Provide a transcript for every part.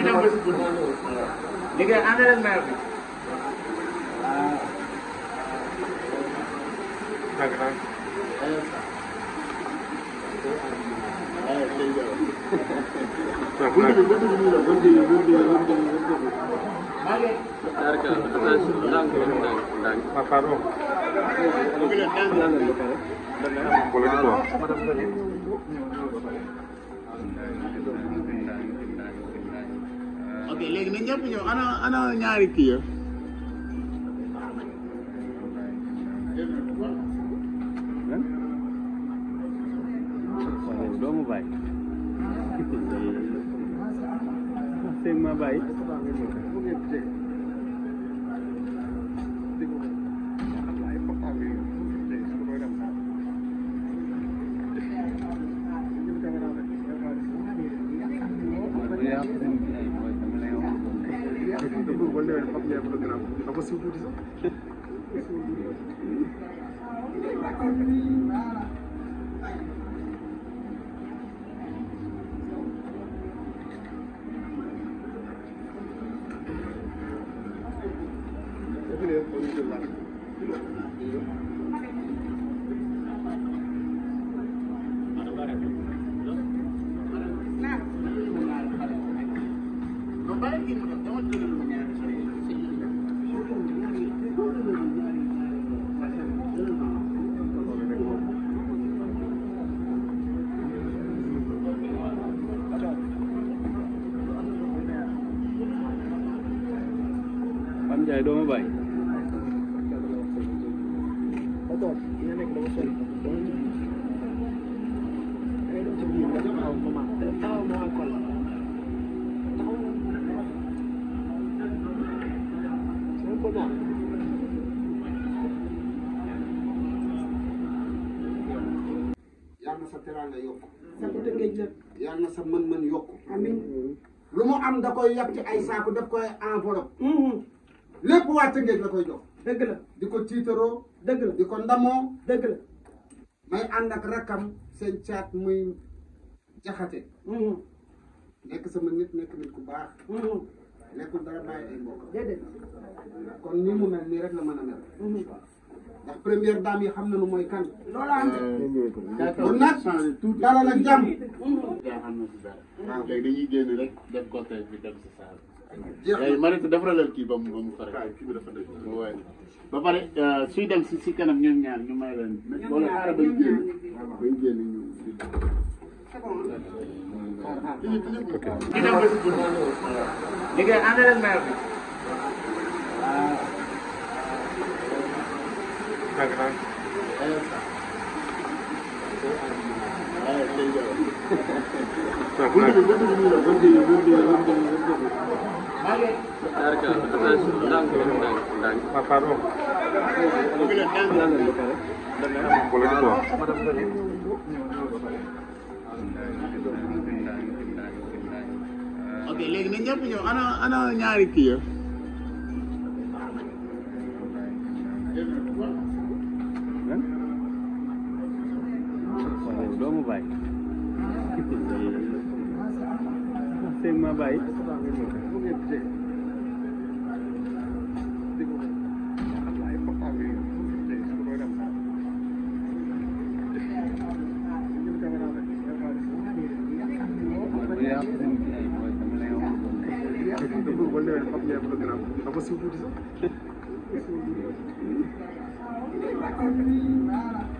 kita bersyukur ok léegi na ñëpp ñëw ana ana ñaari kii ya doomu baay ma você o gurizão. Beleza, vou de Domo Bay. yàlla na sa teraanga yokku. sa bëtë géej nag. yàlla sa mën-mën yokku. amiin lu am da koy yab ci ay saako daf koy enveloppe. lépp waa Tëngéej la koy jox. dëgg di ko tiitaroo. dëgg la di ko ndamoo. dëgg la may ànd ak seen caat muy jaxate. Mm-hmm. nekk sama nit nekk nit ku baax. Mm-hmm. nekkul dara bàyyi ay mbokk. déedéet kon ni mu mel nii rek la mën a mel. Mm-hmm. ndax première dame yi xam nañu mooy kan. loolu am na. Euh, kon nag dalal ak jàmm. waaw ah, léegi dañuy génn rek def cortège bi dem si yaay mari te defal leen pare dafa ba pare suy dem si si kanam ñoom ñaar ñu may leen wala xaaral bañ génn bañ génn ñu Thank you. Oke, léegi na ñëpp ñëw ana ana ñaari kii Sigma Bike. Thank you.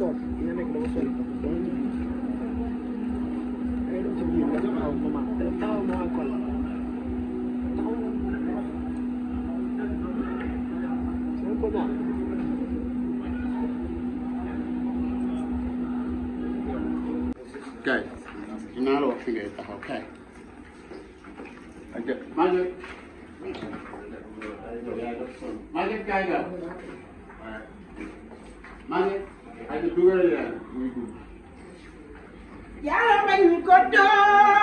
dos. Y de negro suelto. Era un chiquillo, lo llamaba un mamá. Pero estábamos al cola. Se va a acordar. kay dinaa la wax fi ngay taxaw kay ajë maje maje kay ga maje aji dugal yàlla muy dund yàlla bañ ko doon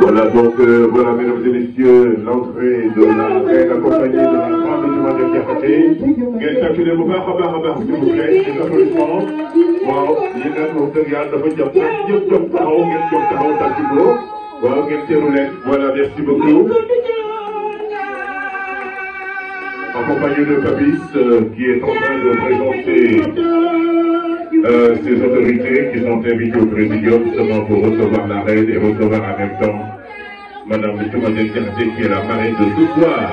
Voilà donc, euh, voilà mesdames et messieurs, l'entrée de la reine accompagnée de la grande mois de Diakhaté. Ngeen tàcculee bu baax a baax a s'il vous plaît, des applaudissements. waaw yéen moom dëgg yàlla dafa jàpp nag ñëpp jóg taxaw ngeen jóg taxaw tàccu ko waaw ngeen teeru leen voilà merci beaucoup. Accompagné de Papis euh, qui est en train de présenter. Euh, ces autorités qui sont invitées au Présidium justement pour recevoir la reine et recevoir en même temps Madame Mitoumadel Diarté qui est la marraine de ce soir.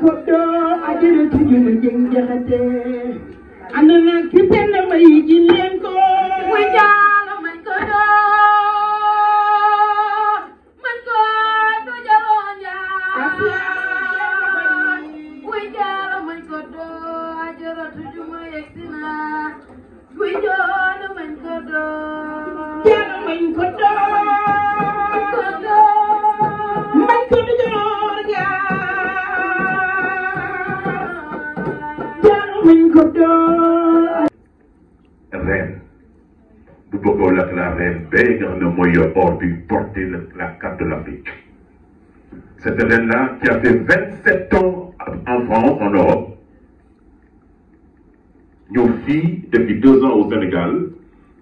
ko doo ajaratu ñuma jëng jaxate ana naa ki penn may ji leen ko muy jaalo man ko doo man ko du jaloon yaa muy jaalo man ko doo man ko doo reine bu bëggoon ak la reine bee nga xam ne mooy yor or bi porté la carte de l'Afrique cette reine là qui a fait vingt sept ans en France en Europe ñëw fii depuis deux ans au Sénégal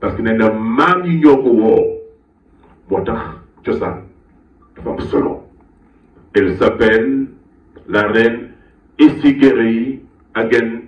parce que nee na maam yi ñoo ko woo moo tax cosaan dafa am solo elle s'appelle la reine Essigeri Agen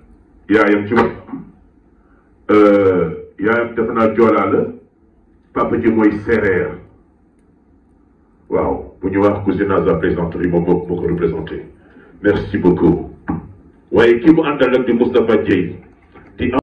yaayam ci man euh, yaayam defe naa joolaa papa ji mooy séeréer waaw bu ñu wax moo moo ko représenté merci beaucoup waaye kii mu àndal ak di Moustapha